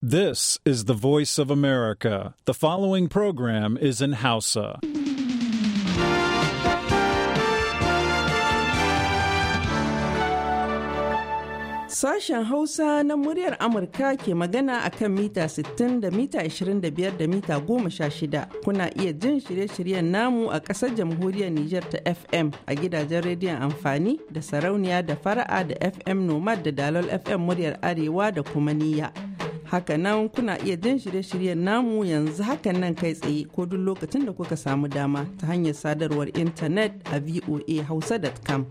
This is the voice of America. The following program is in Hausa. Sashen Hausa na muryar Amurka ke magana a kan mita 60 da mita 25 da mita 16. Kuna iya jin shirye-shiryen namu a ƙasar jamhuriyar Nijar ta FM a gidajen rediyon amfani da sarauniya da fara'a da FM Nomad da Dalol FM muryar Arewa da kuma niyya. Hakanan kuna iya jin shirye-shiryen namu yanzu hakan nan kai tsaye ko duk lokacin da kuka samu dama ta hanyar sadarwar intanet a voa hausa.com.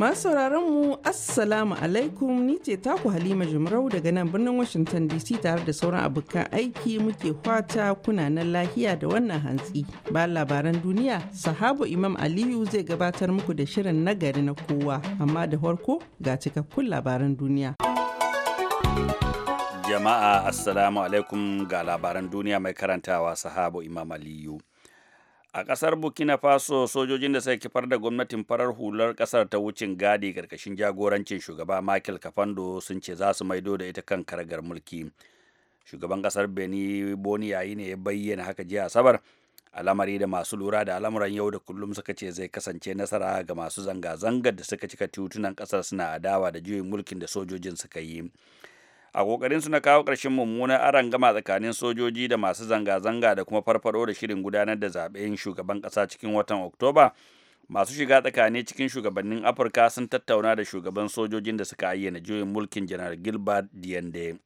Masu sauraron mu Assalamu alaikum ni ce taku Halima Jumrau daga nan birnin Washington DC tare da sauran abokan aiki muke kwata kuna nan lahiya da wannan hantsi. Ba labaran duniya, sahabu Imam Aliyu zai gabatar muku da shirin nagari na kowa, amma da farko ga cikakkun labaran duniya. Jama'a Assalamu alaikum ga labaran duniya mai karantawa sahabu Imam Aliyu. a ƙasar burkina faso sojojin da suka kifar da gwamnatin farar hular ƙasar ta wucin gadi karkashin jagorancin shugaba michael kafando sun ce za su maido da ita kan karagar mulki shugaban ƙasar beni boni yayi ne ya bayyana haka jiya asabar al'amari da masu lura da al'amuran yau da kullum suka ce zai kasance nasara ga masu zanga-zangar da suka cika titunan kasar suna adawa da juyin mulkin da sojojin suka yi a kokarin su na kawo ƙarshen mummunar gama tsakanin sojoji da masu zanga-zanga da kuma farfado da shirin gudanar da zaɓen shugaban ƙasa cikin watan oktoba masu shiga tsakani cikin shugabannin afirka sun tattauna da shugaban sojojin da suka ayyana juyin mulkin janar gilbert diende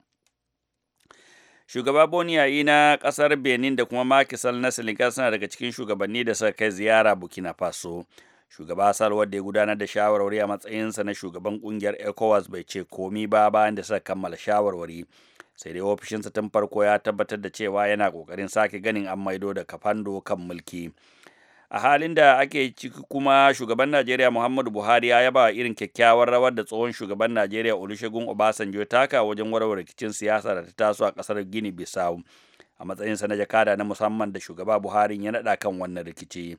shugaba boniyayi na kasar benin da kuma makisal na senegal suna daga cikin shugabanni da suka kai ziyara burkina faso shugaba salwar da ya gudanar da shawarwari a matsayinsa na shugaban kungiyar ecowas bai ce komi ba bayan da suka kammala shawarwari sai dai ofishinsa tun farko ya tabbatar da cewa yana kokarin sake ganin an maido da kafando kan mulki a halin da ake ciki kuma shugaban najeriya muhammadu buhari ya yaba irin kyakkyawar rawar da tsohon shugaban najeriya olusegun obasanjo ya taka wajen warware rikicin siyasa da ta taso a kasar gini bisau a matsayinsa na jakada na musamman da shugaba buhari ya naɗa kan wannan rikici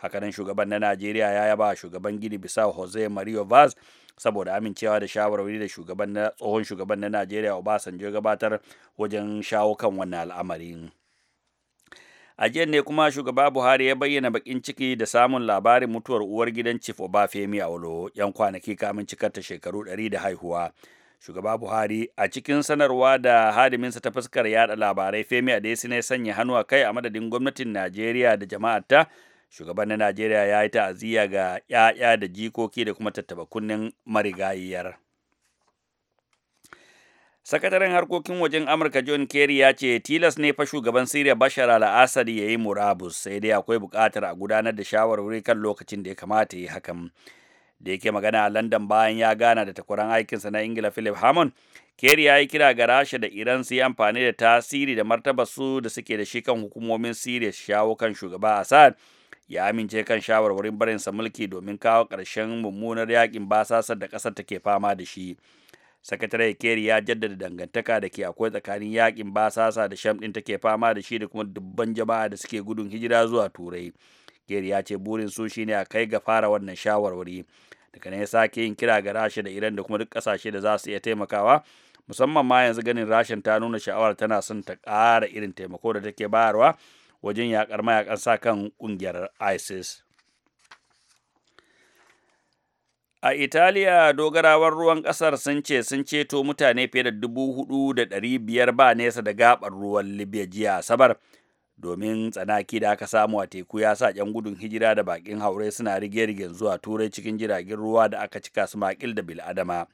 hakanan shugaban na najeriya ya yaba shugaban gini bisa jose mario vaz saboda amincewa da shawarwari da shugaban na tsohon shugaban na najeriya obasanjo gabatar wajen shawo kan wannan al'amarin a jiyan ne kuma shugaba buhari ya bayyana bakin ciki da samun labarin mutuwar uwar gidan chief obafemi awolo yan kwanaki cikar ta shekaru 100 da haihuwa shugaba buhari a cikin sanarwa da hadiminsa ta fuskar yada labarai femi adesina ya sanya hannu a kai a madadin gwamnatin najeriya da jama'arta shugaban na najeriya ya yi ta'aziyya ga 'ya'ya da jikoki da kuma tattaba kunnen marigayiyar sakataren harkokin wajen amurka john kerry ya ce tilas ne fa shugaban siriya bashar al-assad ya yi murabus sai dai akwai bukatar a gudanar da shawarwari kan lokacin da ya kamata ya yi hakan da yake magana a london bayan ya gana da takwaran aikinsa na ingila philip hammond kerry ya yi kira ga rasha da iran su yi amfani da tasiri da martabar su da suke da shi kan hukumomin siriya shawo kan shugaba assad ya amince kan shawarwarin barinsa mulki domin kawo ƙarshen mummunar yakin basasar da ƙasar take fama da shi sakatare keri ya jaddada dangantaka da ke akwai tsakanin yakin basasa da sham ɗin take fama da shi da kuma dubban jama'a da suke gudun hijira zuwa turai keri ya ce burin su shine a kai ga fara wannan shawarwari daga ne sake yin kira ga rasha da iran da kuma duk ƙasashe da za su iya taimakawa musamman ma yanzu ganin rashin ta nuna sha'awar tana son ta ƙara irin taimako da take bayarwa wajen yakar mayakan sa kan kungiyar isis a italiya dogarawar ruwan kasar sun ce sun ceto mutane fiye da dubu hudu da ɗari biyar ba nesa da gabar ruwan libya jiya asabar domin tsanaki da aka samu a teku ya sa 'yan gudun hijira da bakin haure suna rige-rigen zuwa turai cikin jiragen ruwa da aka cika su makil da bil'adama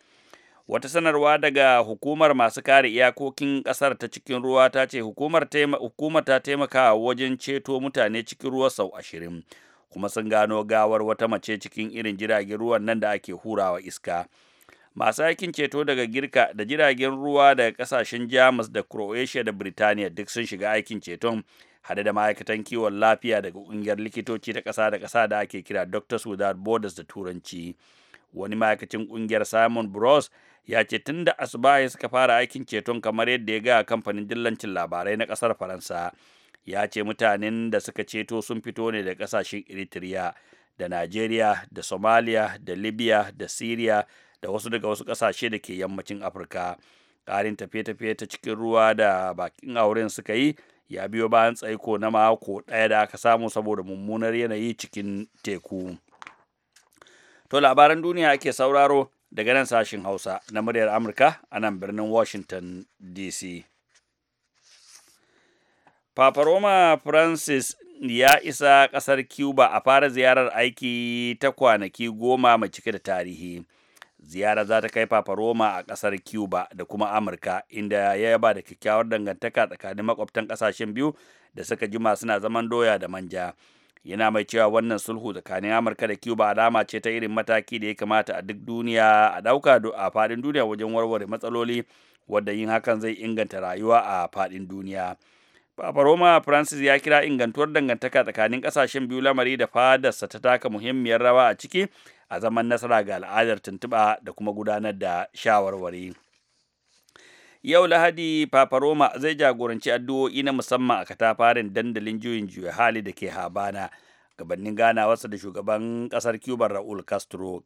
wata sanarwa daga hukumar masu kare iyakokin ƙasar ta cikin ruwa ta ce hukumar, ta taimaka wajen ceto mutane cikin ruwa sau ashirin kuma sun gano gawar wata mace cikin irin jiragen ruwan nan da ake hurawa iska masu aikin ceto daga girka da jiragen ruwa daga kasashen jamus da croatia da birtaniya duk sun shiga aikin ceton hade da ma'aikatan kiwon lafiya daga ƙungiyar likitoci ta ƙasa da ƙasa da ake kira doctors sudan borders da turanci wani ma'aikacin kungiyar simon bros ya ce tun da asubahi suka fara aikin ceton kamar yadda ya gaya kamfanin dillancin labarai na kasar faransa ya ce mutanen da suka ceto sun fito ne da kasashen eritrea da nigeria da somalia da libya da syria da wasu daga wasu kasashe da ke yammacin afirka ƙarin tafiye-tafiye ta cikin ruwa da bakin auren suka yi ya biyo bayan tsaiko na mako ɗaya da aka samu saboda mummunar yanayi cikin teku. To labaran duniya ake sauraro daga nan sashin Hausa na muryar Amurka a nan birnin Washington DC. Papa Roma Francis ya isa ƙasar Cuba a fara ziyarar aiki ta kwanaki goma mai cike da tarihi. Ziyara za ta kai Papa Roma a ƙasar Cuba da kuma Amurka, inda ya yaba da kyakkyawar dangantaka tsakanin makwabtan ƙasashen biyu da suka jima suna zaman doya da manja. yana mai cewa wannan sulhu tsakanin amurka da cuba alama ce ta irin mataki da ya kamata a duk duniya a ɗauka a faɗin duniya wajen warware matsaloli wadda yin hakan zai inganta rayuwa a faɗin duniya Papa Roma Francis ya kira ingantuwar dangantaka tsakanin ƙasashen biyu lamari da fadarsa ta taka muhimmiyar rawa a ciki a zaman nasara ga al'adar tuntuɓa da kuma gudanar da shawarwari. yau lahadi Papa Roma zai jagoranci addu'o'i na musamman a katafarin dandalin juyin juya hali da ke habana gabanin ganawarsa da shugaban kasar cuba raul castro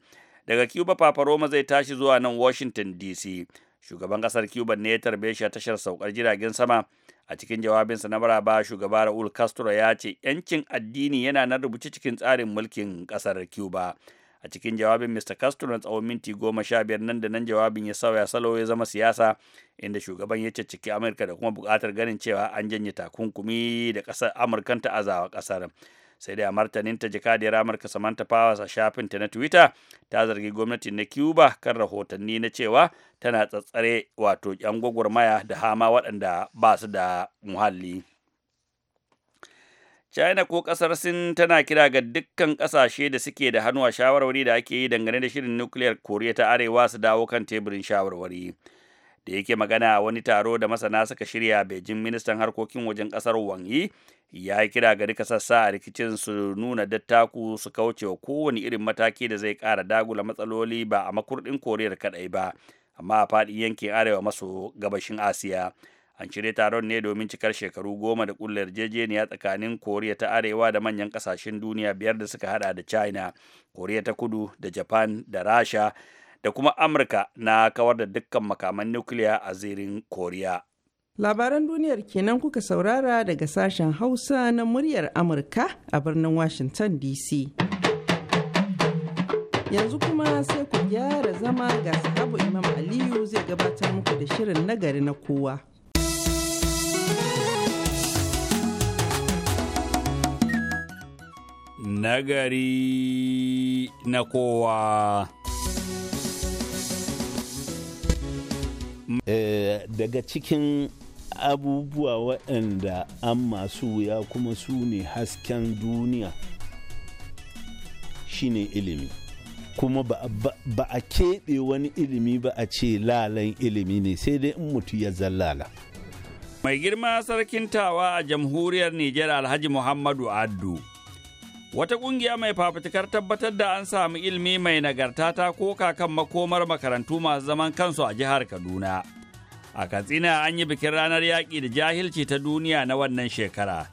daga cuba Papa Roma zai tashi zuwa nan washington dc shugaban kasar cuba ne ya tarbe shi a tashar saukar jiragen sama a cikin jawabinsa na maraba shugaba raul castro ya ce yancin addini yana na rubuce cikin tsarin mulkin kasar cuba a cikin jawabin mr castro na tsawon minti goma sha biyar nan da nan jawabin ya sauya salo ya zama siyasa inda shugaban ya cicciki amurka da kuma buƙatar ganin cewa an janye takunkumi da ƙasar amurkan ta azawa ƙasar sai dai a martanin ta jikadiyar amurka samantha powers a ta na twitter ta zargi gwamnati na cuba kan rahotanni na cewa tana tsatsare wato yan gwagwarmaya da hama waɗanda ba su da muhalli China ko kasar Sin tana kira ga dukkan kasashe da suke da hannu a shawarwari da ake yi dangane da shirin nukiliyar Koriya ta Arewa su dawo kan teburin shawarwari. Da yake magana a wani taro da masana suka shirya Beijing ministan harkokin wajen kasar Wang Yi ya kira ga duka sassa a rikicin su nuna dattaku su kauce wa kowane irin mataki da zai kara dagula matsaloli ba a makurɗin Koriya kaɗai ba, amma a faɗin yankin arewa maso gabashin Asiya. an cire taron ne domin cikar shekaru goma da kullar yarjejeniya tsakanin koriya ta arewa da manyan kasashen duniya biyar da suka hada da china koriya ta kudu da japan da rasha da kuma amurka na kawar da dukkan makaman nukiliya a zirin koriya labaran duniyar kenan kuka saurara daga sashen hausa na muryar amurka a birnin washington dc yanzu kuma sai ku gyara zama ga sahabu imam aliyu zai gabatar muku da shirin nagari na kowa nagari na kowa. Eh, daga cikin abubuwa waɗanda an masu wuya kuma su ne hasken duniya shine ilimi. kuma ba, ba, a keɓe wani ilimi ba a ce lalan ilimi ne sai dai in mutu ya zallala. Mai girma sarkin tawa a jamhuriyar Nijar Alhaji Muhammadu Addu Wata ƙungiya mai fafutukar tabbatar da an samu ilimi mai nagarta ta koka kan makomar makarantu masu zaman kansu a jihar Kaduna. A Katsina an yi bikin ranar yaƙi da jahilci ta duniya na wannan shekara.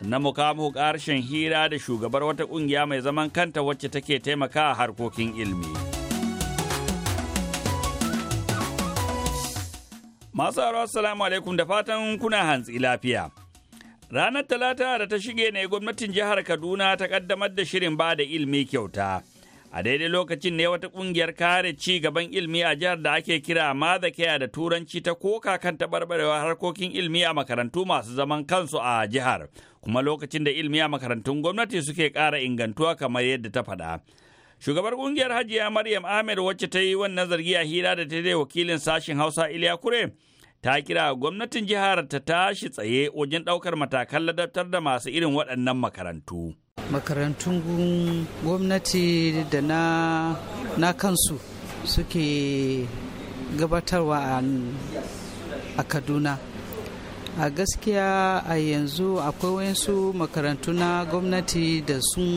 Sannan mukamu ƙarshen hira da shugabar wata ƙungiya mai zaman kanta wacce take taimaka a harkokin ilimi. Masu salamu alaikum da fatan kuna hantsi lafiya. Ranar Talata da ta shige ne gwamnatin jihar Kaduna ta kaddamar da shirin ba da ilimi kyauta. A daidai lokacin ne wata kungiyar kare ci gaban ilimi a jihar da ake kira da da Turanci ta koka kan taɓarɓarewa harkokin ilimi a makarantu masu zaman kansu a jihar, kuma lokacin da ilimi a makarantun gwamnati suke ƙara ingantuwa kamar yadda ta faɗa. Shugabar kungiyar Hajiya Maryam Ahmed wacce ta yi wannan zargi a hira da ta wakilin sashen Hausa Iliya Kure. ta kira gwamnatin jihar ta tashi tsaye wajen ɗaukar matakan ladabtar da masu irin waɗannan makarantu. Makarantun gwamnati da na, na kansu suke gabatarwa a Kaduna. A gaskiya a yanzu akwai wayansu makarantu na gwamnati da sun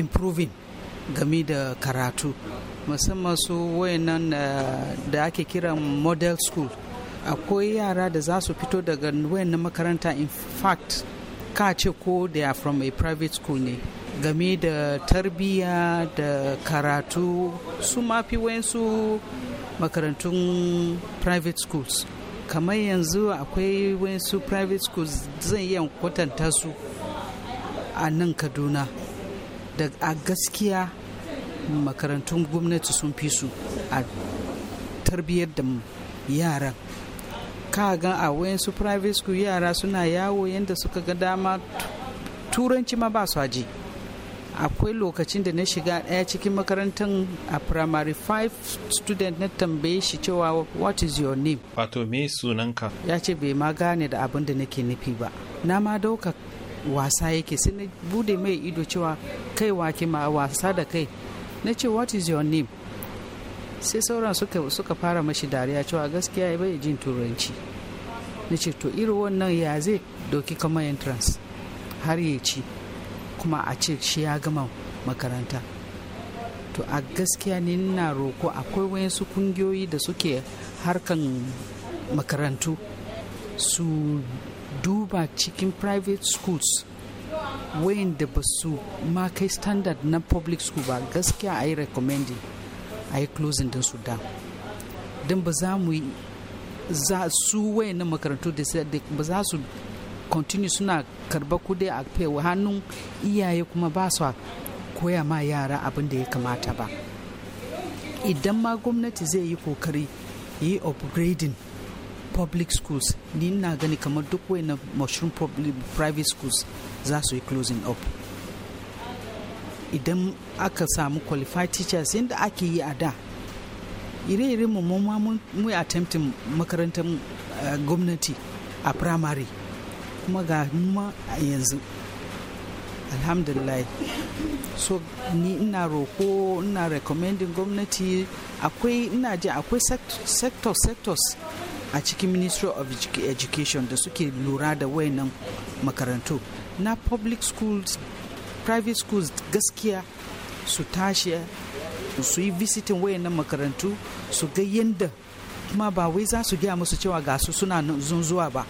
improving game da karatu musamman su wayannan eh, da ake kiran model school. akwai yara da za su fito daga wayannan makaranta in fact ka ce ko they are from a private school ne game da tarbiyya da karatu su mafi wayansu makarantun private schools kamar yanzu akwai wayansu private schools zan iya kwatanta su a nan kaduna da a gaskiya makarantun gwamnati sun fi su a tarbiyyar da yaran ka gan a su private school yara suna yawo yadda suka ga dama turanci ma ba su aji akwai lokacin da na shiga ɗaya cikin makarantar a primary 5 student na tambaye shi cewa what is your name wato me sunanka ya ce bai ma gane da abin da nake nufi ba na ma dauka wasa yake sai na bude mai ido cewa kai wake ma wasa da kai na ce what is your name sai sauran suka fara mashi dariya cewa gaskiya ya bai jin turanci na ce to iri wannan ya zai doki kamar entrance har ya ci kuma a ce shi ya gama makaranta to a gaskiya ne na roko akwai wayansu kungiyoyi da suke harkan makarantu su duba cikin private schools wayan da ba su ma kai standard na public school ba gaskiya a yi recommending a yi closing din su da don ba za mu za su waye na makarantu da ba za su continue suna karba kuɗi a fewa hannun iyaye kuma ba su koya ma yara abin da ya kamata ba idan ma gwamnati zai yi kokari yi upgrading public schools ni na gani kamar duk na mushroom private schools za su yi closing up idan aka samu qualified teachers yadda ake yi a da ire-ire mu ma mu attempting makarantar eh, gwamnati a primary kuma ga numa a yanzu alhamdulillah so ni ina roko ina recommending gwamnati akwai ina ji akwai sector sectors a cikin ministry of education da suke lura da wayannan makarantu na public schools private schools gaskiya su tashi su yi visiting nan makarantu su ga yadda kuma ba wai za su gaya musu cewa ga su suna zuwa ba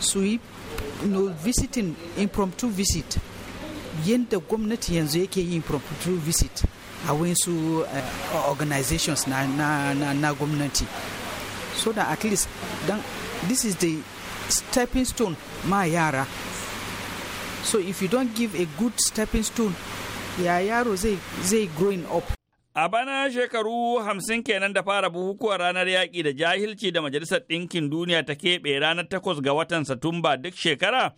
su yi no visiting impromptu visit yadda gwamnati yanzu yake yi impromptu visit a wayansu uh, organizations na, na, gwamnati so that at least then, this is the stepping stone ma yara so if you don't give a good stepping stone ya yaro zai growing up a bana shekaru hamsin kenan da fara bukukuwar ranar yaƙi da jahilci da majalisar ɗinkin duniya ta keɓe ranar takwas ga watan satumba duk shekara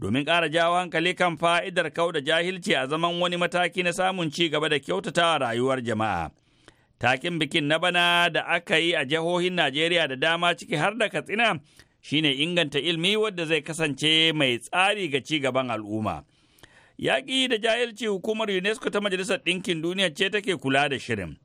domin ƙara jawo hankali kan fa'idar kau da jahilci a zaman wani mataki na samun ci gaba da kyautatawa rayuwar jama'a takin bikin na bana da aka yi a jihohin najeriya da dama ciki har da katsina shine inganta ilmi wadda zai kasance mai tsari ga ci gaban al'umma. Yaƙi da jahilci hukumar UNESCO ta Majalisar Ɗinkin Duniya ce take kula da shirin.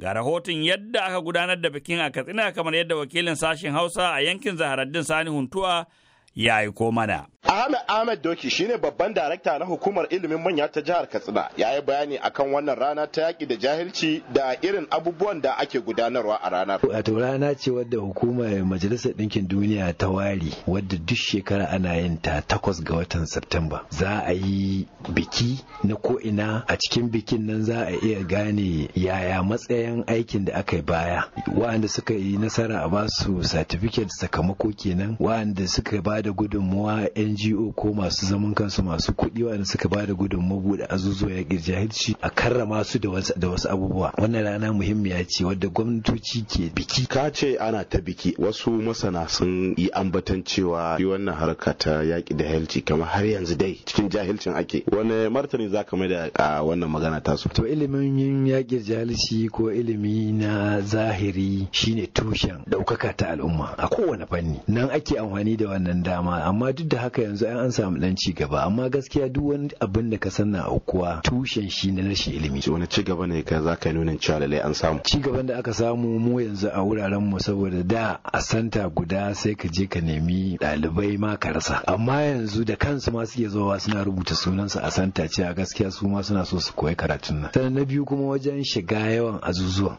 Ga rahoton yadda aka gudanar da bikin a Katsina kamar yadda wakilin sashen Hausa a yankin Zaharaddin Sani Huntuwa ya aiko mana. Ahmed Ahmed Doki shine babban darakta na hukumar ilimin manya ta jihar Katsina ya yi bayani akan wannan rana ta yaƙi da jahilci da irin abubuwan da ake gudanarwa a ranar. Wato rana ce wadda hukumar Majalisar Ɗinkin Duniya ta ware wadda duk shekara ana yin ta takwas ga watan Satumba. Za a yi biki na ko'ina a cikin bikin nan za a iya gane yaya matsayin aikin da aka yi baya. Wa'anda suka yi nasara a basu satifiket sakamako kenan wa'anda suka ba da gudunmuwa NGO ko masu zaman kansu masu kuɗi waɗanda suka ba da gudunmuwa buɗe azuzuwa ya jahilci a karrama su da wasu abubuwa wannan rana muhimmiya ce wadda gwamnatoci ke biki ka ce ana ta biki wasu masana sun yi ambatan cewa yi wannan harka ta yaƙi da jahilci kamar har yanzu dai cikin jahilcin ake wani martani za ka mai da wannan magana su to ilimin yaƙin jahilci ko ilimi na zahiri shine tushen ɗaukaka ta al'umma a kowane fanni nan ake amfani da wannan dama amma duk da haka yanzu an samu dan ci gaba amma gaskiya duk wani abin da ka sanna kuwa tushen shi na rashin ilimi wani ci gaba ne ka za ka nuna cewa lalle an samu ci gaban da aka samu mu yanzu a wuraren mu saboda da a santa guda sai ka je ka nemi ɗalibai ma ka rasa amma yanzu da kansu ma suke zuwa suna rubuta sunansu a santa cewa gaskiya su ma suna so su koyi karatun nan sannan na biyu kuma wajen shiga yawan azuzuwan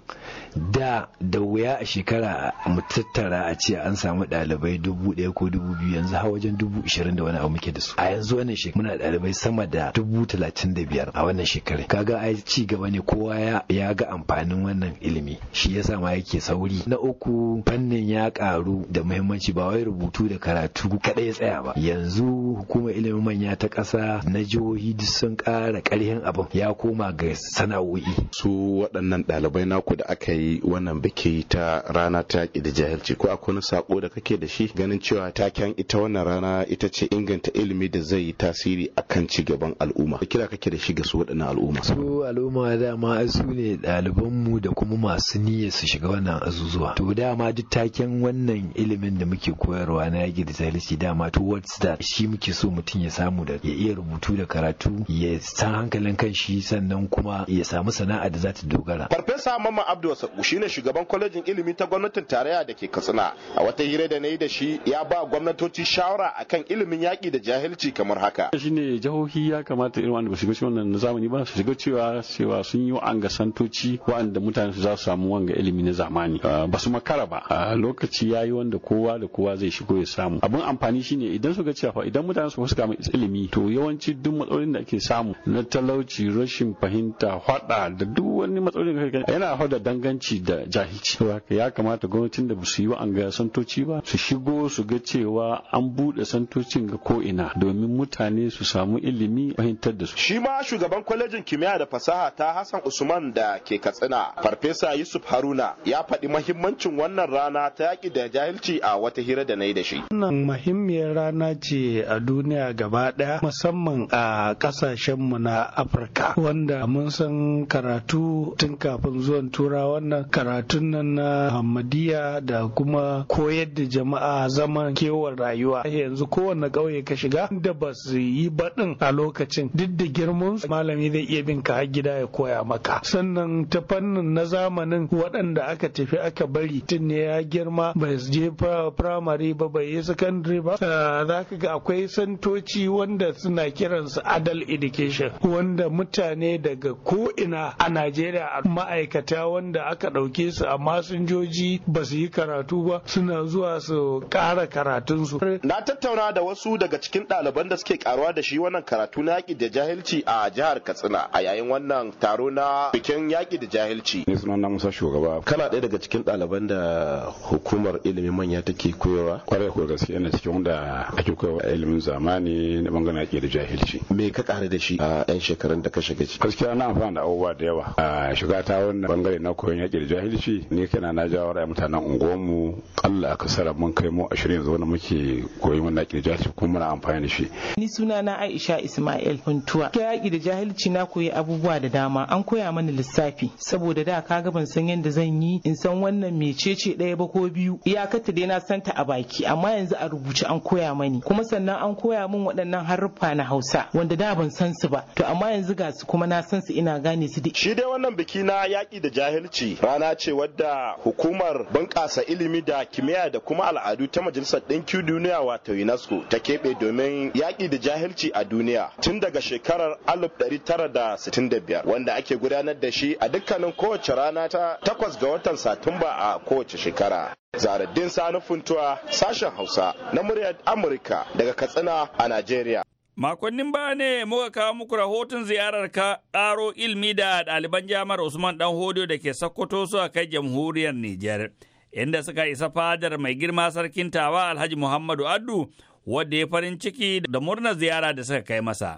da da wuya a shekara mu tattara a ce an samu dalibai dubu ɗaya ko dubu biyu yanzu har wajen dubu ishirin da wani abu muke da su a yanzu wannan shekara muna dalibai sama da dubu talatin da biyar a wannan shekarar kaga ai ci gaba ne kowa ya ga amfanin wannan ilimi shi yasa ma yake sauri na uku fannin ya karu da muhimmanci ba wai rubutu da karatu kaɗai ya tsaya ba yanzu hukumar ilimin manya ta ƙasa na jihohi duk sun ƙara ƙarfin abin ya koma ga sana'o'i su waɗannan ɗalibai naku da aka yi yi wannan biki ta rana ta yaƙi da jahilci ko akwai wani sako da kake da shi ganin cewa taken ita wannan rana ita ce inganta ilimi da zai yi tasiri akan ci gaban al'umma da kira kake da shi ga su waɗannan al'umma su al'umma dama su ne ɗaliban mu da kuma masu niyya su shiga wannan azuzuwa to dama duk taken wannan ilimin da muke koyarwa na yaƙi da jahilci dama to what's that shi muke so mutum ya samu da ya iya rubutu da karatu ya san hankalin shi sannan kuma ya samu sana'a da za ta dogara farfesa mama abdu shi ne shugaban kwalejin ilimi ta gwamnatin tarayya da ke Katsina. A wata hira da na yi da shi ya ba gwamnatoci shawara akan ilimin yaƙi da jahilci kamar haka. ne jihohi ya kamata irin wanda ba shiga cikin wannan zamani ba su shiga cewa cewa sun yi ga santoci wa'anda mutane su za su samu wanga ilimi na zamani. Ah, ba su makara ba. Ah, lokaci ya yi wanda kowa da kowa zai shigo ya samu. Abin amfani shine idan su ga cewa idan mutane su fuska mai ilimi to yawanci duk matsalolin da ake samu na talauci rashin fahimta hwada da duk wani matsalolin da yana hwada danganci talauci da jahilci haka ya kamata gwamnatin da su yi ga santoci ba su shigo su ga cewa an buɗe santocin ga ko'ina domin mutane su samu ilimi fahimtar da su. Shi ma shugaban kwalejin kimiyya da fasaha ta Hassan Usman da ke Katsina, Farfesa Yusuf Haruna ya faɗi mahimmancin wannan rana ta yaƙi da jahilci a wata hira da na yi da shi. Wannan muhimmiyar rana ce a duniya gaba ɗaya musamman a ƙasashenmu na Afirka wanda mun san karatu tun kafin zuwan turawan wannan karatun nan na hamadiya da kuma koyar da jama'a zaman kewar rayuwa yanzu kowanne ƙauye ka shiga da ba su yi baɗin a lokacin duk da girman malami zai iya bin ka har gida ya koya maka sannan ta fannin na zamanin waɗanda aka tafi aka bari tun ne ya girma bai je firamare ba bai yi sakandare ba ah, za ka ga akwai santoci wanda suna kiransu adult education wanda mutane daga ko ina a Najeriya ma'aikata wanda aka aka ɗauke su a masinjoji ba su yi karatu ba suna zuwa su ƙara karatunsu. Na tattauna da wasu daga cikin ɗaliban da suke karuwa da shi wannan karatu na yaƙi da jahilci a jihar Katsina a yayin wannan taro na bikin yaƙi da jahilci. Ni suna na Musa Shugaba. Kala ɗaya daga cikin ɗaliban da hukumar ilimin manya take koyarwa. Kwarai ko gaskiya na cikin wanda ake koyarwa ilimin zamani na bangaren yaƙi da jahilci. Me ka ƙara da shi a 'yan shekarun da ka shiga ciki? Gaskiya na amfana da abubuwa da yawa. A shiga ta wannan bangare na koyon yaƙi jahilci ne kana na jawo ra'ayin mutanen unguwarmu kalla akasara mun kai mu ashirin yanzu wanda muke koyi mun jahilci kuma muna amfani da shi. Ni suna na Aisha Ismail Huntuwa. Ke yaƙi da jahilci na koyi abubuwa da dama an koya mana lissafi saboda da kaga ban san yadda zan yi in san wannan mecece ɗaya ba ko biyu iyakarta dai na santa a baki amma yanzu a rubuce an koya mani kuma sannan an koya min waɗannan haruffa na Hausa wanda da ban san su ba to amma yanzu ga su kuma na san su ina gane su Shi dai wannan biki na yaƙi da jahilci rana ce wadda hukumar bunƙasa ilimi da kimiyya da kuma al'adu ta Majalisar Ɗinkin Duniya wato UNESCO ta keɓe domin yaƙi da jahilci a duniya tun daga shekarar 1965 wanda ake gudanar da shi a dukkanin kowace rana ta takwas ga watan Satumba a kowace shekara. Zaradin Sani Funtuwa sashen Hausa na muryar Amurka daga Katsina a Najeriya. Makonnin ba ne muka kawo muku rahoton ziyarar ƙaro ilmi da ɗaliban jami'ar Usman Dan Hodo da ke Sokoto su a kai jamhuriyar Nijar, inda suka isa fadar mai girma sarkin tawa Alhaji Muhammadu Addu wadda ya farin ciki da murnar ziyara da suka kai masa.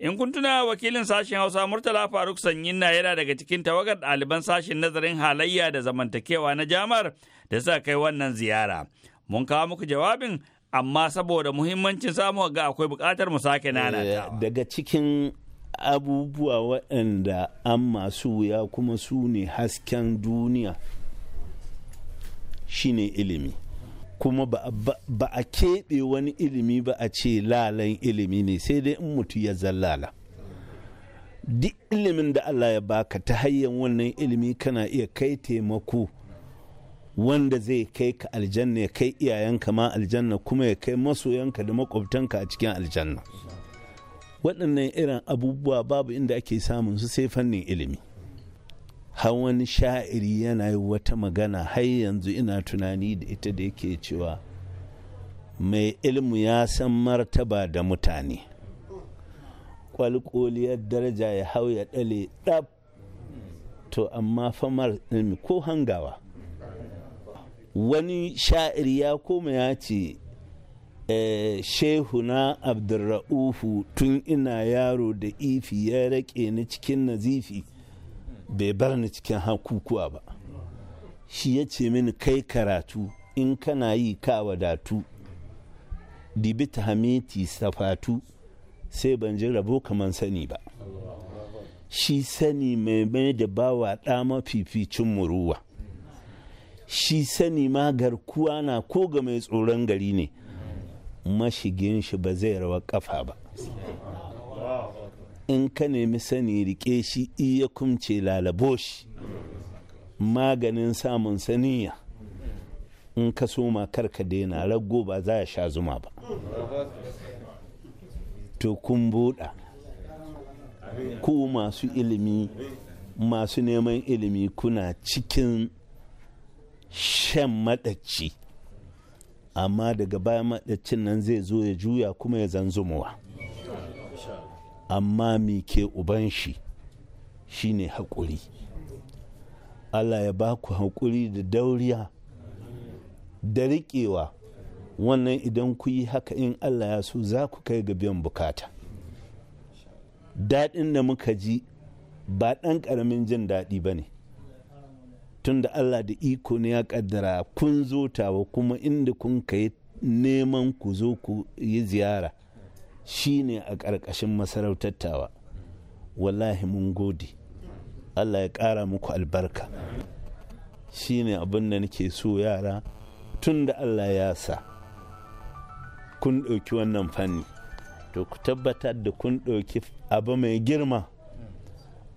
In kun tuna wakilin sashen Hausa Murtala Faruk Sanyin na yana daga cikin tawagar ɗaliban sashen nazarin halayya da zamantakewa na Jamar da suka kai wannan ziyara. Mun kawo muku jawabin amma saboda muhimmancin samu ga akwai bukatar mu sake ta eh, daga cikin abubuwa waɗanda an masu wuya kuma su ne hasken duniya shine ilimi kuma ba, ba, a keɓe wani ilimi ba a ce lalan ilimi ne sai dai in mutu ya zallala duk ilimin da Allah ya baka ta hanyar wannan ilimi kana iya kai taimako wanda zai kai ka aljanna ya kai iyayenka ma aljanna kuma ya kai masoyanka da makwabtanka a cikin aljanna waɗannan irin abubuwa babu inda ake samun su sai fannin ilimi hawan sha'iri yana yi wata magana har yanzu ina tunani da ita da yake cewa mai ilmu ya san martaba da mutane kwalkoliyar daraja ya hau ya ɗale ɗab to amma famar ilmi ko hangawa wani sha'ir ya koma ya ce eh, na abdurra'ufu tun ina yaro da ifi ya rake ni cikin nazifi bai bar ni cikin hakukuwa ba shi ya ce mini kai karatu in kana yi ka wadatu dibita hamiti safatu sai ban ji rabo kamar sani ba shi sani mai mai da bawa ɗa mafificin muruwa shi sani ma garkuwa na ko ga mai tsoron gari ne mashigin shi ba zai rawa kafa ba in ka nemi sani rike shi iya kumce lalabo shi maganin samun saniya in ka soma karka daina rago ba za a sha zuma ba to kun buɗa ku masu ilimi masu neman ilimi kuna cikin shan maɗaci amma daga baya maɗacin nan zai zo ya juya kuma ya zanzumuwa amma mi ke uban shi shine haƙuri Allah ya ba ku haƙuri da dauriya da riƙewa wannan idan ku yi haka in Allah ya so za ku kai ga biyan bukata daɗin da muka ji ba ɗan ƙaramin jin daɗi ba ne tunda Allah da iko ne ya kaddara kun zo tawa kuma inda kun kai neman ku zo ku yi ziyara shi ne a ƙarƙashin masarautar tawa wallahi mun gode Allah ya ƙara muku albarka ne abin da nake so yara tun da Allah ya sa kun ɗauki wannan fanni to ku tabbatar da kun ɗauki abu mai girma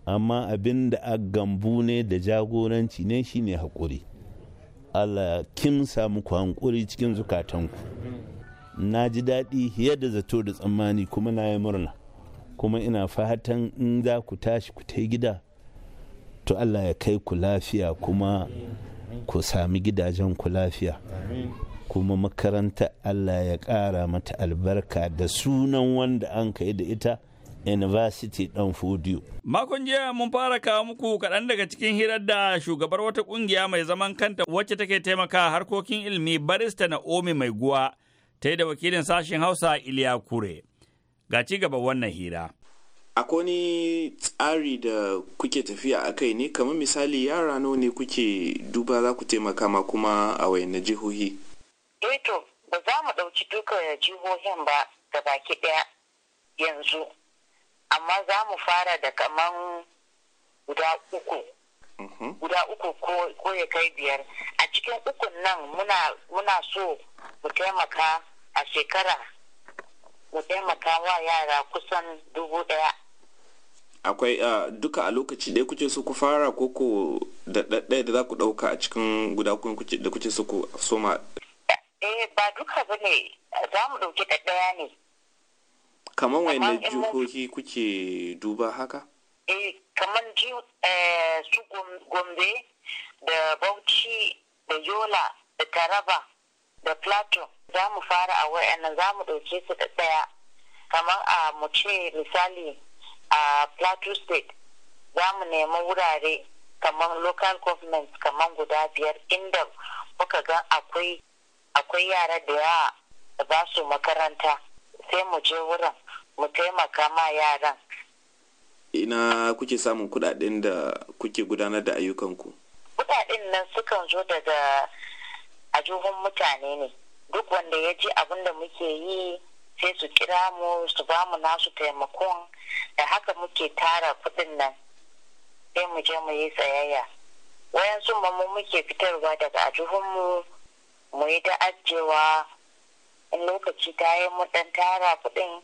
amma abin da a gambu ne da jagoranci ne shine haƙuri allah samu ku hankuri cikin zukatanku na ji daɗi yadda zato da tsammani kuma na yi murna kuma ina fatan in za ku tashi ku ta gida to allah ya kai ku lafiya kuma ku sami gidajen ku lafiya kuma makaranta allah ya ƙara mata albarka da sunan wanda an kai da ita University ɗan Fodiyo. Makon jiya mun fara kawo muku kaɗan daga cikin hirar da shugabar wata ƙungiya mai zaman kanta wacce take taimaka harkokin ilimi barista na omi mai guwa ta da wakilin sashen Hausa Iliya Kure. Ga ci gaba wannan hira. Akwai wani tsari da kuke tafiya a kai ne kamar misali yara nawa ne kuke duba za ku taimaka ma kuma a wayanne jihohi? Eto, ba za mu ɗauki duka jihohin ba da baki ɗaya yanzu amma za mu fara da kaman guda uku mhm. guda uku ko ya kai biyar a cikin ukun nan muna so mu taimaka a shekara mu taimaka wa yara kusan dubu daya akwai duka a lokaci ɗaya kuce su ku fara ko ko da ɗaya da za ku ɗauka a cikin guda kuce da kuce su ku soma eh ba duka bane za mu ɗauki ɗaya ne kamar wani jihohi kuke duba haka eh kamar eh, su gombe da bauchi da yola da taraba da plateau za mu fara a wayannan za mu ɗauke su da ɗaya kamar a mu ce misali a plateau state za mu nemi wurare kamar local government kamar guda biyar inda muka ga akwai yara da yawa ba su makaranta sai mu je wurin mu taimaka ma yaran ina kuke samun kudaden da kuke gudanar da ayyukanku kudaden nan sukan zo daga ajuhun mutane ne duk wanda ya ji abin da muke yi sai su kira mu su ba mu nasu taimakon da haka muke tara kudin nan sai mu je mu yi tsayayya Wayan wayansu mu muke fitarwa daga ajuhunmu mu yi da ajewa in lokaci ta yi mu dan tara kudin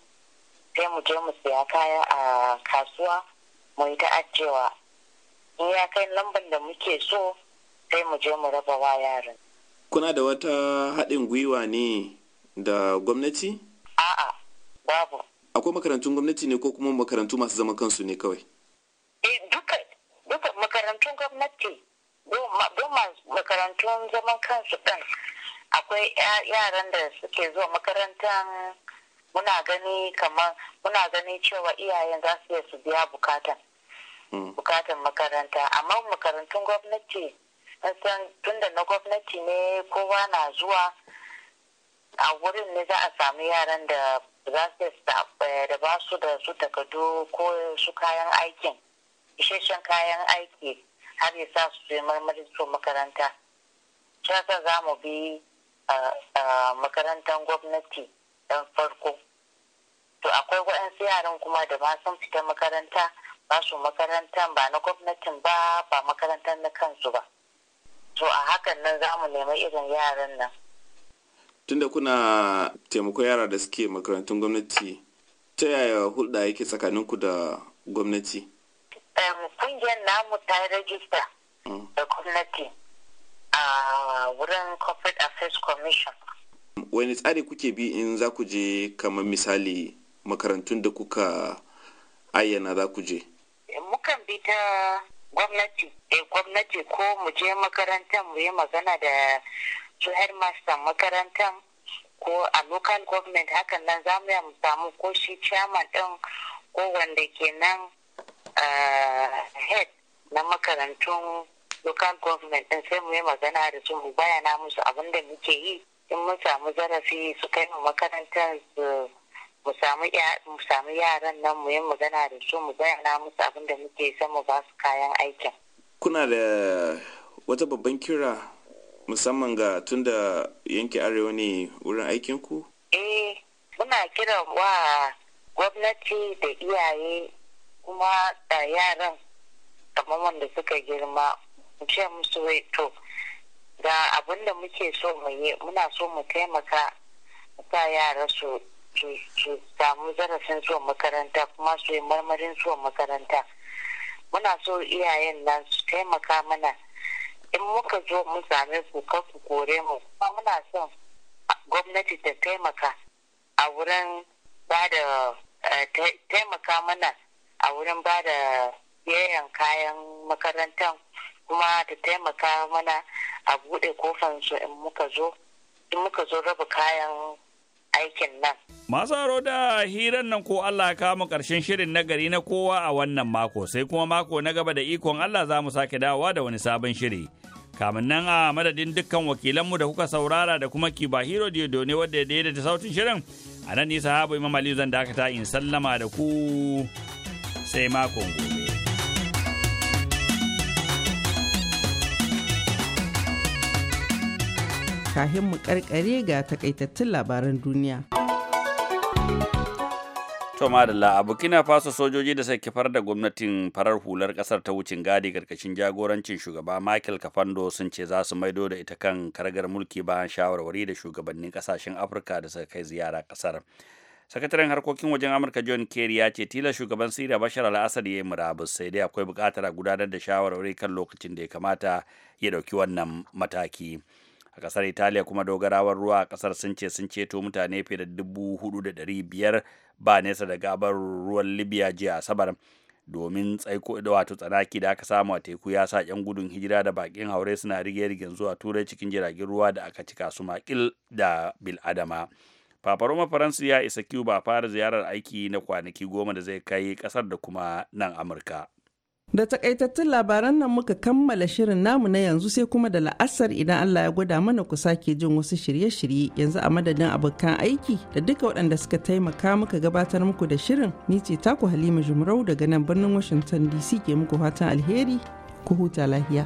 sai mu je mu siya kaya a kasuwa mu yi ta in ya kai lambar da muke so sai mu je mu raba wa yaran kuna da wata haɗin gwiwa ne da gwamnati a'a babu akwai makarantun gwamnati ne ko kuma makarantu masu zaman kansu ne kawai eh, duka duka makarantun gwamnati don makarantun zaman kansu ɗin akwai yaran da suke zuwa makarantar muna gani kamar muna gani cewa iyayen za su iya su biya bukatan hmm. bukatan makaranta amma makarantun gwamnati san tunda na gwamnati ne kowa na zuwa a wurin ne za a samu yaran da za su eh, da ba su da su takardu ko su kayan aikin isasshen kayan aiki har ya sa su je marmarin su makaranta shaka za mu bi eh, eh, makarantar gwamnati dan farko to akwai waɗansu yaran kuma da ba sun fita makaranta ba su makarantar ba na gwamnatin ba ba makarantar na kansu ba to a hakan nan za mu nemi irin yaran nan tunda kuna taimako yara da suke makarantun gwamnati ta yaya hulɗa yake tsakaninku da gwamnati kungiyar namu ta yi rajista mm. da gwamnati a wurin corporate affairs commission wani tsari kuke bi in za ku je kamar misali makarantun da kuka ayyana za ku je mukan bi ta gwamnati eh, gwamnati ko mu je makarantar mu yi magana da su headmaster makarantar ko a local government hakan nan za mu samu ko shi chairman din ko wanda ke nan eh, head na makarantun local government din sai mu yi magana da su mu bayana musu abin da muke yi in mun samu zarafi su kai mu makarantar mu samu mu samu yaran nan mu yi magana da su mu bayyana musu abin da muke son mu ba su kayan aikin kuna da wata babban kira musamman ga tunda yanke arewa ne wurin aikin ku eh muna kira wa gwamnati da iyaye kuma da yaran kamar wanda suka girma mu ce musu to ga abin da muke so mu yi muna so mu taimaka sa yara su su samu zarafin zuwan makaranta kuma su yi marmarin zuwan makaranta muna so iyayen nan su taimaka mana in muka zo mu sami ku ku kore mu kuma muna son gwamnati ta taimaka a wurin ba da eh, taimaka mana a wurin ba da yayan kayan makaranta kuma ta taimaka mana a buɗe kofan su in muka zo in muka zo raba kayan aikin nan Masu haro da hirar nan ko Allah ya kama karshen shirin nagari na kowa a wannan mako sai kuma mako na gaba da ikon Allah za mu sake dawowa da wani sabon shiri. Kamin nan a madadin dukkan wakilanmu da kuka saurara da kuma kiba hero ne wadda ya daidaita sautin shirin a nan nisa habu imam Aliyu zan dakata in sallama da ku sai makon gobe. Kahin mu karkare ga takaitattun labaran duniya. To madalla a Burkina Faso sojoji da suka kifar da gwamnatin farar hular kasar ta wucin gadi karkashin jagorancin shugaba Michael Kafando sun ce za su maido da ita kan karagar mulki bayan shawarwari da shugabannin kasashen Afirka da suka kai ziyara kasar. Sakataren harkokin wajen Amurka John Kerry ya ce tilas shugaban Siriya Bashar al-Assad ya yi murabus sai dai akwai buƙatar a gudanar da shawarwari kan lokacin da ya kamata ya ɗauki wannan mataki. a kasar italiya kuma dogarawar ruwa a kasar sun ce sun ceto mutane fiye da dubu hudu da dari biyar ba nesa da gabar ruwan libya jiya asabar domin tsaiko da wato tsanaki da aka samu a teku ya sa yan gudun hijira da bakin haure suna rige rigen zuwa turai cikin jiragen ruwa da aka cika su makil da bil'adama Papa Roma Faransu ya isa Cuba fara ziyarar aiki na kwanaki goma da zai kai kasar da kuma nan Amurka. Da takaitattun labaran nan muka kammala shirin namu na yanzu sai kuma da la'asar idan Allah ya gwada mana ku sake jin wasu shirye-shirye yanzu a madadin abokan aiki da duka waɗanda suka taimaka muka gabatar muku da shirin ni ce taku Halima Jumrau daga nan birnin Washington DC ke muku fatan alheri ku huta lahiya.